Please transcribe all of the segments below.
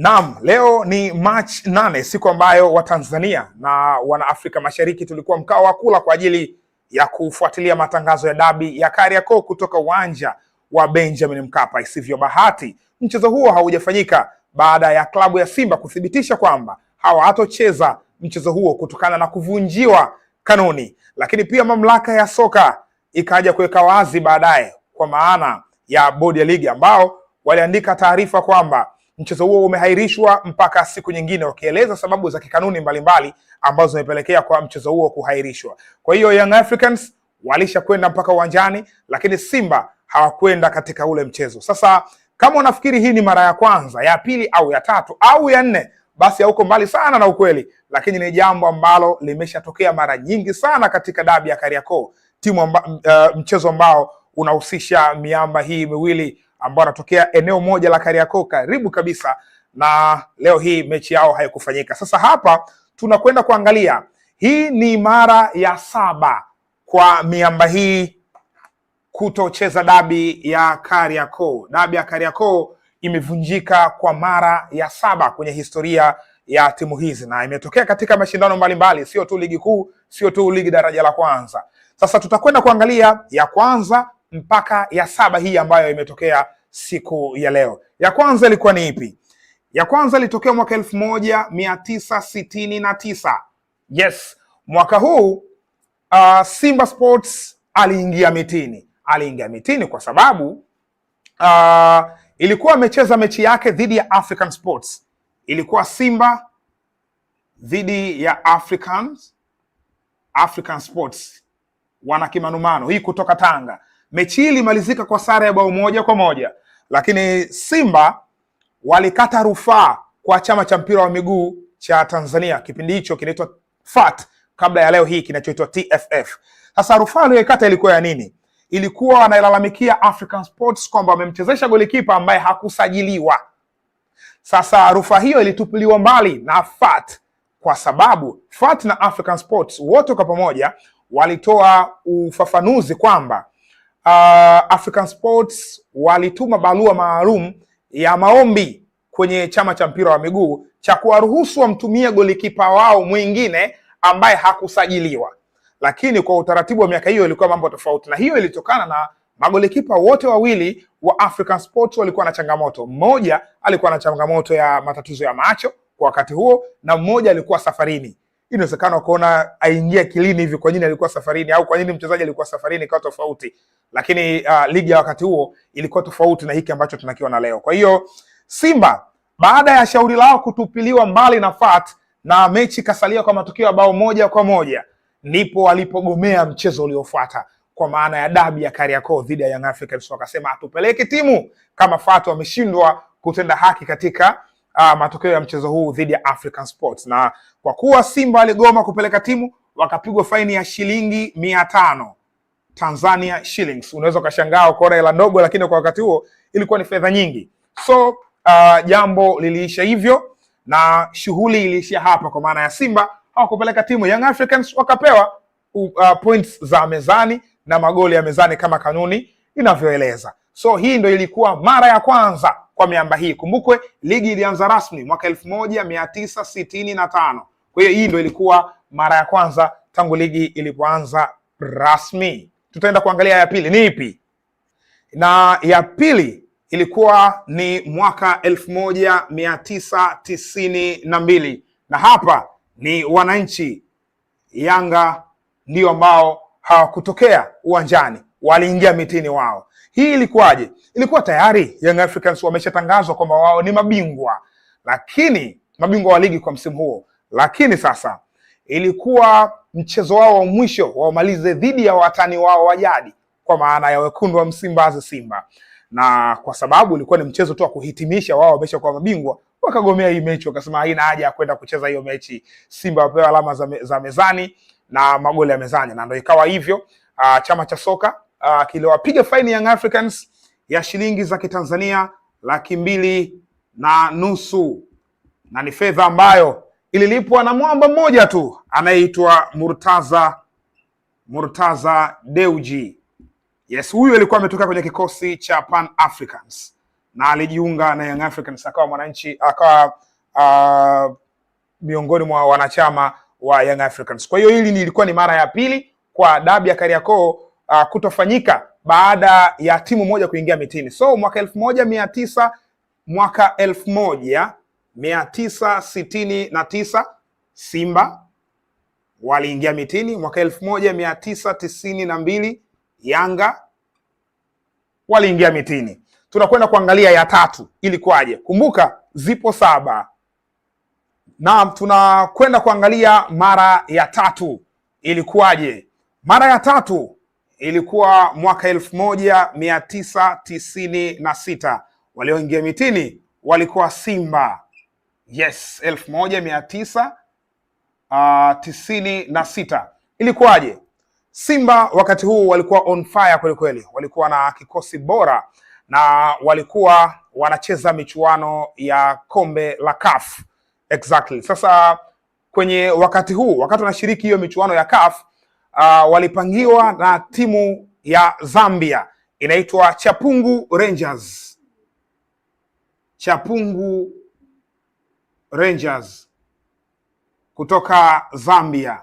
Naam, leo ni March nane, siku ambayo Watanzania na Wanaafrika Mashariki tulikuwa mkao wa kula kwa ajili ya kufuatilia matangazo ya dabi ya Kariakoo kutoka uwanja wa Benjamin Mkapa. Isivyo bahati, mchezo huo haujafanyika baada ya klabu ya Simba kuthibitisha kwamba hawatocheza mchezo huo kutokana na kuvunjiwa kanuni, lakini pia mamlaka ya soka ikaja kuweka wazi baadaye, kwa maana ya bodi ya ligi ambao waliandika taarifa kwamba mchezo huo umehairishwa mpaka siku nyingine, wakieleza sababu za kikanuni mbalimbali ambazo zimepelekea kwa mchezo huo kuhairishwa. Kwa hiyo Young Africans kwenda mpaka uwanjani, lakini Simba hawakwenda katika ule mchezo. Sasa kama unafikiri hii ni mara ya kwanza, ya pili au ya tatu au ya nne, basi hauko mbali sana na ukweli, lakini ni jambo ambalo limeshatokea mara nyingi sana katika dabi ya Kariakoo, timu amba, uh, mchezo ambao unahusisha miamba hii miwili ambao anatokea eneo moja la Kariakoo karibu kabisa na leo hii mechi yao haikufanyika. Sasa hapa tunakwenda kuangalia, hii ni mara ya saba kwa miamba hii kutocheza dabi ya Kariakoo. Dabi ya Kariakoo imevunjika kwa mara ya saba kwenye historia ya timu hizi na imetokea katika mashindano mbalimbali, sio tu ligi kuu, sio tu ligi daraja la kwanza. Sasa tutakwenda kuangalia ya kwanza mpaka ya saba hii ambayo imetokea siku ya leo. Ya kwanza ilikuwa ni ipi? Ya kwanza ilitokea mwaka elfu moja mia tisa sitini na tisa. Yes, mwaka huu uh, Simba Sports aliingia mitini, aliingia mitini kwa sababu uh, ilikuwa amecheza mechi yake dhidi ya African Sports, ilikuwa Simba dhidi ya Africans, African Sports wana kimanumano hii kutoka Tanga Mechi hii ilimalizika kwa sare ya bao moja kwa moja, lakini Simba walikata rufaa kwa chama cha mpira wa miguu cha Tanzania, kipindi hicho kinaitwa FAT kabla ya leo hii kinachoitwa TFF. Sasa rufaa aliyoikata ilikuwa ya nini? Ilikuwa wanailalamikia African Sports kwamba wamemchezesha golikipa ambaye hakusajiliwa. Sasa rufaa hiyo ilitupiliwa mbali na FAT kwa sababu FAT na African Sports wote kwa pamoja walitoa ufafanuzi kwamba uh, African Sports walituma barua maalum ya maombi kwenye chama cha mpira wa miguu cha kuwaruhusu wamtumia golikipa wao mwingine ambaye hakusajiliwa, lakini kwa utaratibu wa miaka hiyo ilikuwa mambo tofauti, na hiyo ilitokana na magolikipa wote wawili wa African Sports walikuwa na changamoto. Mmoja alikuwa na changamoto ya matatizo ya macho kwa wakati huo, na mmoja alikuwa safarini inawezekana wakaona aingia kilini hivi, kwa nini alikuwa safarini, au kwa nini mchezaji alikuwa safarini ikawa tofauti, lakini uh, ligi ya wakati huo ilikuwa tofauti na hiki ambacho tunakiona leo. Kwa hiyo Simba baada ya shauri lao kutupiliwa mbali na FAT na mechi kasalia kwa matukio ya bao moja kwa moja, ndipo walipogomea mchezo uliofuata kwa maana ya dabi ya Kariakoo dhidi ya Young Africans, wakasema hatupeleki timu kama FAT wameshindwa kutenda haki katika uh, matokeo ya mchezo huu dhidi ya African Sports, na kwa kuwa Simba waligoma kupeleka timu wakapigwa faini ya shilingi mia tano Tanzania shillings. Unaweza ukashangaa ukaona hela ndogo, lakini kwa wakati huo ilikuwa ni fedha nyingi. So uh, jambo liliisha hivyo na shughuli iliishia hapa, kwa maana ya Simba hawakupeleka timu. Young Africans wakapewa uh, points za mezani na magoli ya mezani kama kanuni inavyoeleza. So hii ndo ilikuwa mara ya kwanza kwa miamba hii. Kumbukwe ligi ilianza rasmi mwaka elfu moja mia tisa sitini na tano. Kwa hiyo hii ndo ilikuwa mara ya kwanza tangu ligi ilipoanza rasmi. Tutaenda kuangalia ya pili ni ipi, na ya pili ilikuwa ni mwaka elfu moja mia tisa tisini na mbili na hapa ni wananchi Yanga ndio ambao hawakutokea uwanjani, waliingia mitini wao hii ilikuwaje? Ilikuwa tayari Young Africans wameshatangazwa kwamba wao ni mabingwa, lakini mabingwa wa ligi kwa msimu huo, lakini sasa ilikuwa mchezo wao wa mwisho waumalize dhidi ya watani wao wa jadi, kwa maana ya wekundu wa Msimbazi, Simba, na kwa sababu ilikuwa ni mchezo tu wa kuhitimisha, wao wamesha wameshakuwa mabingwa wakagomea hii mechi, wakasema haina haja ya kwenda kucheza hiyo mechi. Simba wapewa alama za, me, za mezani na magoli ya mezani, na ndio ikawa hivyo. Aa, ah, chama cha soka uh, ah, kiliwapiga faini Young Africans ya shilingi za Kitanzania laki mbili na nusu na ni fedha ambayo ililipwa na mwamba mmoja tu anayeitwa Murtaza Murtaza Deuji. Yes, huyu alikuwa ametoka kwenye kikosi cha Pan Africans na alijiunga na Young Africans akawa mwananchi akawa uh, miongoni mwa wanachama wa Young Africans. Kwa hiyo hili ilikuwa ni mara ya pili kwa dabi ya Kariakoo uh, kutofanyika baada ya timu moja kuingia mitini. So mwaka elfu moja mia tisa mwaka elfu moja mia tisa sitini na tisa Simba waliingia mitini. Mwaka elfu moja mia tisa tisini na mbili Yanga waliingia mitini. Tunakwenda kuangalia ya tatu ilikuwaje. Kumbuka zipo saba. Naam, tunakwenda kuangalia mara ya tatu ilikuwaje. Mara ya tatu ilikuwa mwaka elfu moja mia tisa tisini na sita walioingia mitini walikuwa Simba. Yes, elfu moja mia tisa uh, tisini na sita ilikuwaje? Simba wakati huu walikuwa on fire walikuwa na kikosi bora na walikuwa wanacheza michuano ya kombe la CAF exactly. Sasa kwenye wakati huu, wakati wanashiriki hiyo michuano ya CAF uh, walipangiwa na timu ya Zambia inaitwa Chapungu Rangers. Chapungu Rangers kutoka Zambia.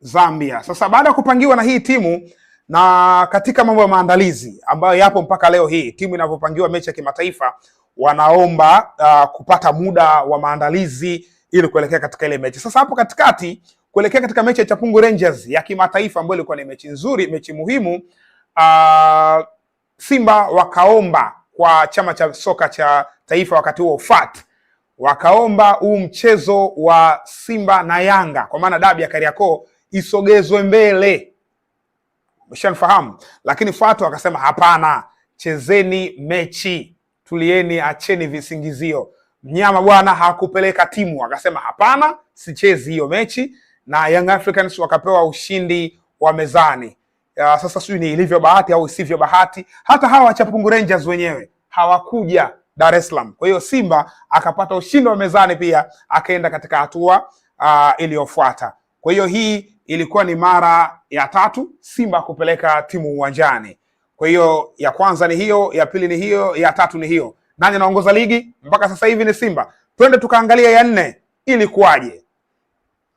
Zambia. Sasa baada ya kupangiwa na hii timu na katika mambo ya maandalizi ambayo yapo mpaka leo hii, timu inavyopangiwa mechi ya kimataifa wanaomba uh, kupata muda wa maandalizi ili kuelekea katika ile mechi. Sasa hapo katikati kuelekea katika mechi ya Chapungu Rangers ya kimataifa ambayo ilikuwa ni mechi nzuri, mechi muhimu. Uh, Simba wakaomba kwa chama cha soka cha taifa wakati huo FAT wakaomba huu mchezo wa Simba na Yanga kwa maana dabi ya Kariakoo isogezwe mbele, umeshanifahamu. Lakini FAT wakasema hapana, chezeni mechi, tulieni, acheni visingizio. Mnyama bwana hakupeleka timu, akasema hapana, sichezi hiyo mechi na Young Africans wakapewa ushindi wa mezani. Uh, sasa sijui ni ilivyo bahati au isivyo bahati, hata hawa Chapungu Rangers wenyewe hawakuja Dar es Salaam. Kwa hiyo Simba akapata ushindi wa mezani pia akaenda katika hatua uh, iliyofuata. Kwa hiyo hii ilikuwa ni mara ya tatu Simba kupeleka timu uwanjani. Kwa hiyo ya kwanza ni hiyo, ya pili ni hiyo, ya tatu ni hiyo. Nani anaongoza ligi mpaka sasa hivi? Ni Simba. Twende tukaangalia ya nne ilikuwaje.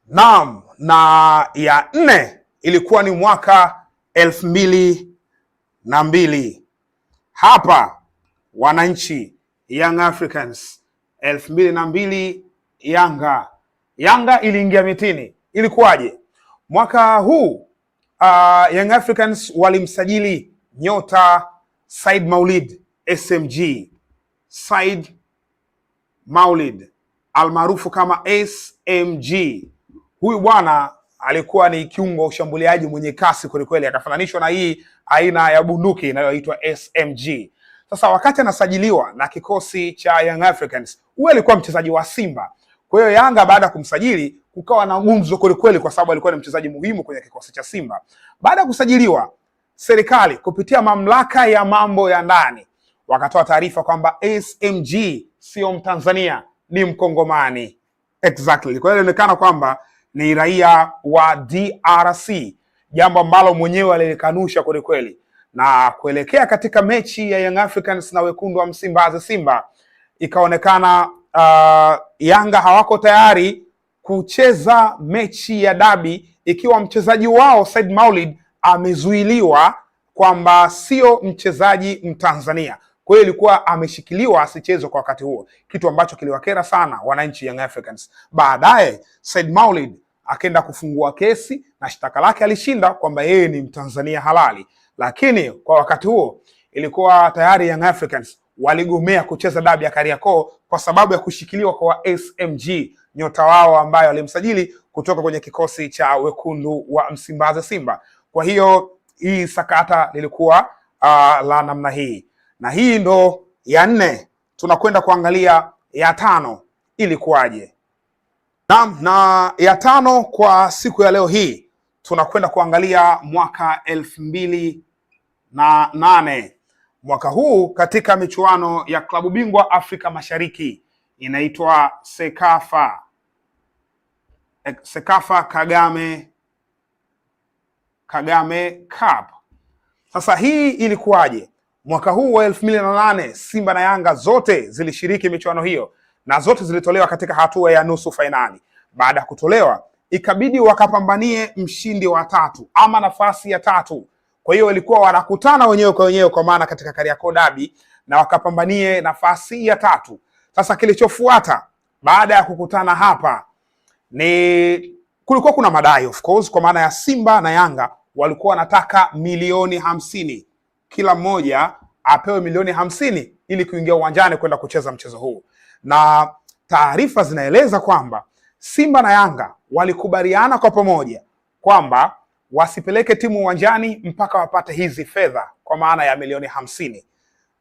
Naam, na ya nne ilikuwa ni mwaka elfu mbili na mbili. Hapa wananchi Young Africans elfu mbili na mbili Yanga Yanga iliingia mitini. Ilikuwaje mwaka huu? Uh, Young Africans walimsajili nyota Said Maulid SMG, Said Maulid almaarufu kama SMG huyu bwana alikuwa ni kiungo ushambuliaji mwenye kasi kwelikweli, akafananishwa na hii aina ya bunduki inayoitwa SMG. Sasa wakati anasajiliwa na kikosi cha Young Africans, huyu alikuwa mchezaji wa Simba. Kwa hiyo Yanga baada ya kumsajili kukawa na gumzo kwelikweli, kwa sababu alikuwa ni mchezaji muhimu kwenye kikosi cha Simba. Baada ya kusajiliwa, serikali kupitia mamlaka ya mambo ya ndani wakatoa taarifa kwamba SMG sio Mtanzania, ni Mkongomani. Exactly, kwa hiyo inaonekana kwamba ni raia wa DRC, jambo ambalo mwenyewe alilikanusha kwelikweli. Na kuelekea katika mechi ya Young Africans na wekundu wa Msimbazi Simba, ikaonekana uh, Yanga hawako tayari kucheza mechi ya dabi ikiwa mchezaji wao Said Maulid amezuiliwa kwamba sio mchezaji Mtanzania. Kwa hiyo ilikuwa ameshikiliwa asichezwe kwa wakati huo, kitu ambacho kiliwakera sana wananchi Young Africans. Baadaye Said Maulid akaenda kufungua kesi na shtaka lake alishinda, kwamba yeye ni Mtanzania halali, lakini kwa wakati huo ilikuwa tayari Young Africans waligomea kucheza dabi ya Kariakoo kwa sababu ya kushikiliwa kwa SMG nyota wao ambayo alimsajili kutoka kwenye kikosi cha wekundu wa Msimbazi Simba. Kwa hiyo hii sakata lilikuwa uh, la namna hii na hii ndo ya nne. Tunakwenda kuangalia ya tano ilikuwaje. Naam, na ya tano kwa siku ya leo hii tunakwenda kuangalia mwaka elfu mbili na nane. Mwaka huu katika michuano ya klabu bingwa Afrika Mashariki inaitwa Sekafa Sekafa Kagame Kagame Cup. Sasa hii ilikuwaje? Mwaka huu wa elfu mbili na nane Simba na Yanga zote zilishiriki michuano hiyo na zote zilitolewa katika hatua ya nusu fainali. Baada ya kutolewa, ikabidi wakapambanie mshindi wa tatu ama nafasi ya tatu. Kwa hiyo walikuwa wanakutana wenyewe kwa wenyewe, kwa maana katika Kariakoo Derby, na wakapambanie nafasi ya tatu. Sasa kilichofuata baada ya kukutana hapa ni kulikuwa kuna madai of course, kwa maana ya Simba na Yanga walikuwa wanataka milioni hamsini kila mmoja apewe milioni hamsini ili kuingia uwanjani kwenda kucheza mchezo huu, na taarifa zinaeleza kwamba Simba na Yanga walikubaliana kwa pamoja kwamba wasipeleke timu uwanjani mpaka wapate hizi fedha kwa maana ya milioni hamsini.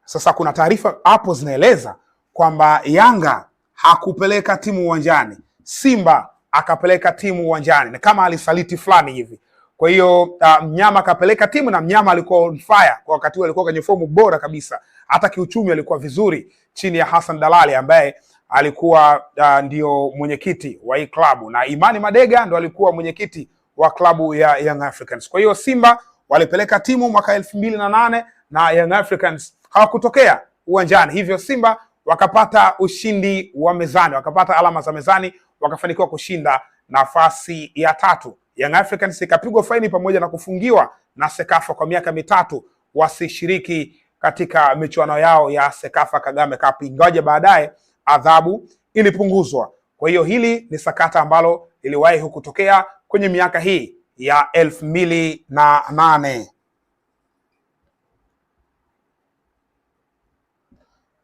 Sasa kuna taarifa hapo zinaeleza kwamba Yanga hakupeleka timu uwanjani, Simba akapeleka timu uwanjani, na kama alisaliti fulani hivi kwa hiyo uh, mnyama akapeleka timu na mnyama alikuwa on fire kwa wakati huo, alikuwa kwenye fomu bora kabisa, hata kiuchumi alikuwa vizuri chini ya Hassan Dalali ambaye alikuwa uh, ndio mwenyekiti wa hii klabu na Imani Madega ndo alikuwa mwenyekiti wa klabu ya Young Africans. Kwa hiyo Simba walipeleka timu mwaka elfu mbili na nane na Young Africans hawakutokea uwanjani, hivyo Simba wakapata ushindi wa mezani, wakapata alama za mezani, wakafanikiwa kushinda nafasi ya tatu. Young Africans ikapigwa faini pamoja na kufungiwa na Sekafa kwa miaka mitatu wasishiriki katika michuano yao ya Sekafa Kagame Cup, ingawaje baadaye adhabu ilipunguzwa. Kwa hiyo hili ni sakata ambalo liliwahi hukutokea kwenye miaka hii ya elfu mbili na nane.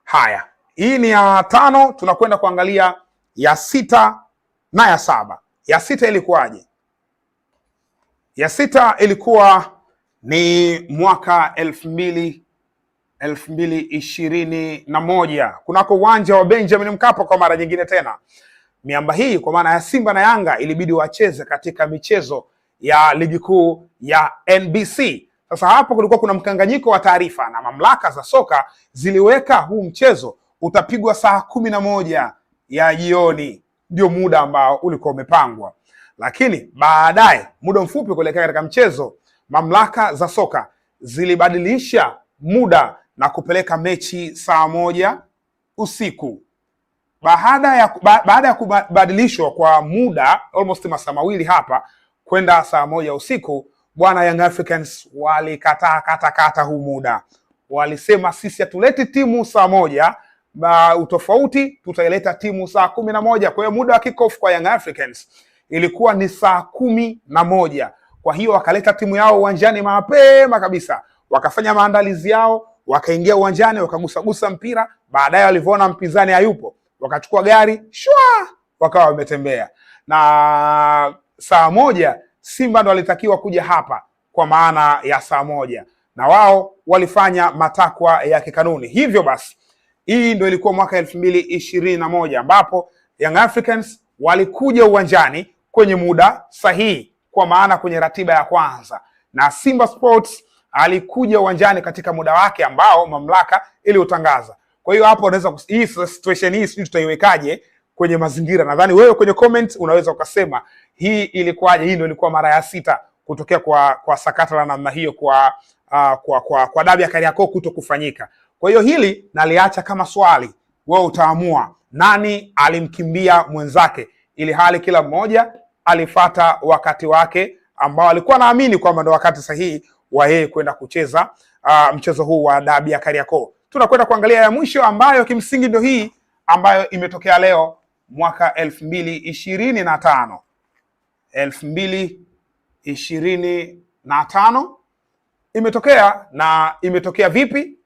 Haya, hii ni ya tano, tunakwenda kuangalia ya sita na ya saba. Ya sita ilikuwaje? ya sita ilikuwa ni mwaka elfu mbili elfu mbili ishirini na moja kunako uwanja wa Benjamin Mkapa kwa mara nyingine tena. Miamba hii kwa maana ya Simba na Yanga ilibidi wacheze katika michezo ya ligi kuu ya NBC. Sasa hapo kulikuwa kuna mkanganyiko wa taarifa na mamlaka za soka ziliweka huu mchezo utapigwa saa kumi na moja ya jioni, ndio muda ambao ulikuwa umepangwa. Lakini baadaye muda mfupi kuelekea katika mchezo, mamlaka za soka zilibadilisha muda na kupeleka mechi saa moja usiku. Baada ya, ba, baada ya kubadilishwa kwa muda almost masaa mawili hapa kwenda saa moja usiku, bwana Young Africans walikataa kata kata huu muda, walisema sisi hatuleti timu saa moja ba, utofauti tutaileta timu saa kumi na moja. Kwa hiyo muda wa kickoff kwa Young Africans ilikuwa ni saa kumi na moja. Kwa hiyo wakaleta timu yao uwanjani mapema kabisa, wakafanya maandalizi yao, wakaingia uwanjani, wakagusagusa mpira. Baadaye walivyoona mpinzani hayupo, wakachukua gari shwa, wakawa wametembea. Na saa moja Simba ndo walitakiwa kuja hapa kwa maana ya saa moja, na wao walifanya matakwa ya kikanuni. Hivyo basi, hii ndo ilikuwa mwaka elfu mbili ishirini na moja ambapo Young Africans walikuja uwanjani kwenye muda sahihi, kwa maana kwenye ratiba ya kwanza, na Simba Sports alikuja uwanjani katika muda wake ambao mamlaka iliutangaza. Kwa hiyo hapo unaweza hii situation hii sijui tutaiwekaje kwenye mazingira. Nadhani wewe kwenye comment unaweza ukasema hii ilikuwaje, hii ndio ilikuwa mara ya sita kutokea kwa kwa sakata la namna hiyo kwa uh, kwa kwa, kwa dabi ya Kariakoo kuto kufanyika. Kwa hiyo hili naliacha kama swali, wewe utaamua nani alimkimbia mwenzake, ili hali kila mmoja alifata wakati wake ambao alikuwa naamini kwamba ndo wakati sahihi wa yeye kwenda kucheza uh, mchezo huu wa dabi ya Kariakoo. Tunakwenda kuangalia ya mwisho ambayo kimsingi ndio hii ambayo imetokea leo mwaka elfu mbili ishirini na tano elfu mbili ishirini na tano imetokea na imetokea vipi?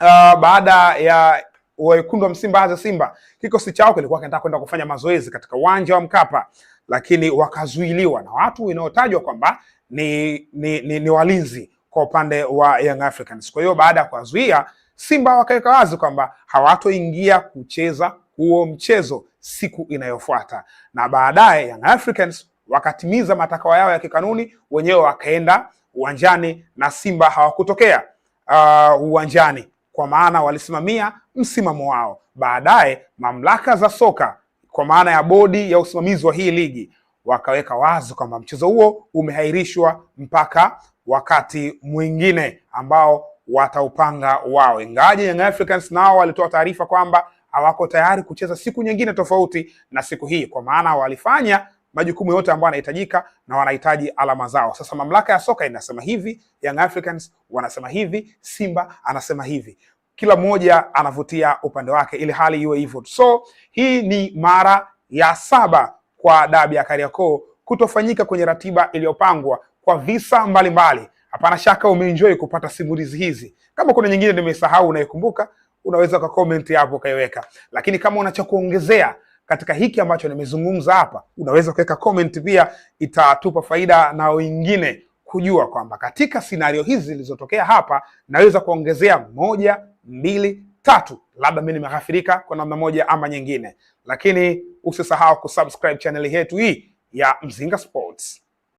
Uh, baada ya wekundu wa Msimbazi Simba kikosi chao kilikuwa kinataka kwenda kufanya mazoezi katika uwanja wa Mkapa lakini wakazuiliwa na watu inaotajwa kwamba ni, ni, ni, ni walinzi kwa upande wa Young Africans. Kwa hiyo baada ya kuwazuia, Simba wakaweka wazi kwamba hawatoingia kucheza huo mchezo siku inayofuata, na baadaye Young Africans wakatimiza matakwa yao ya kikanuni, wenyewe wakaenda uwanjani na Simba hawakutokea uh, uwanjani, kwa maana walisimamia msimamo wao. Baadaye mamlaka za soka kwa maana ya bodi ya usimamizi wa hii ligi wakaweka wazo kwamba mchezo huo umehairishwa mpaka wakati mwingine ambao wataupanga wao, ingawaje Young Africans nao walitoa taarifa kwamba hawako tayari kucheza siku nyingine tofauti na siku hii, kwa maana walifanya majukumu yote ambayo yanahitajika na wanahitaji alama zao. Sasa mamlaka ya soka inasema hivi, Young Africans wanasema hivi, Simba anasema hivi kila mmoja anavutia upande wake, ili hali iwe hivyo. So hii ni mara ya saba kwa dabi ya Kariakoo kutofanyika kwenye ratiba iliyopangwa kwa visa mbalimbali. Hapana shaka umeenjoy kupata simulizi hizi. Kama kuna nyingine nimesahau unaikumbuka, unaweza kwa comment hapo ukaiweka, lakini kama una cha kuongezea katika hiki ambacho nimezungumza hapa, unaweza kuweka comment pia, itatupa faida na wengine kujua kwamba katika sinario hizi zilizotokea hapa, naweza kuongezea moja mbili, tatu. Labda mimi nimeghafirika kwa namna moja ama nyingine, lakini usisahau kusubscribe chaneli yetu hii ya Mzinga Sports.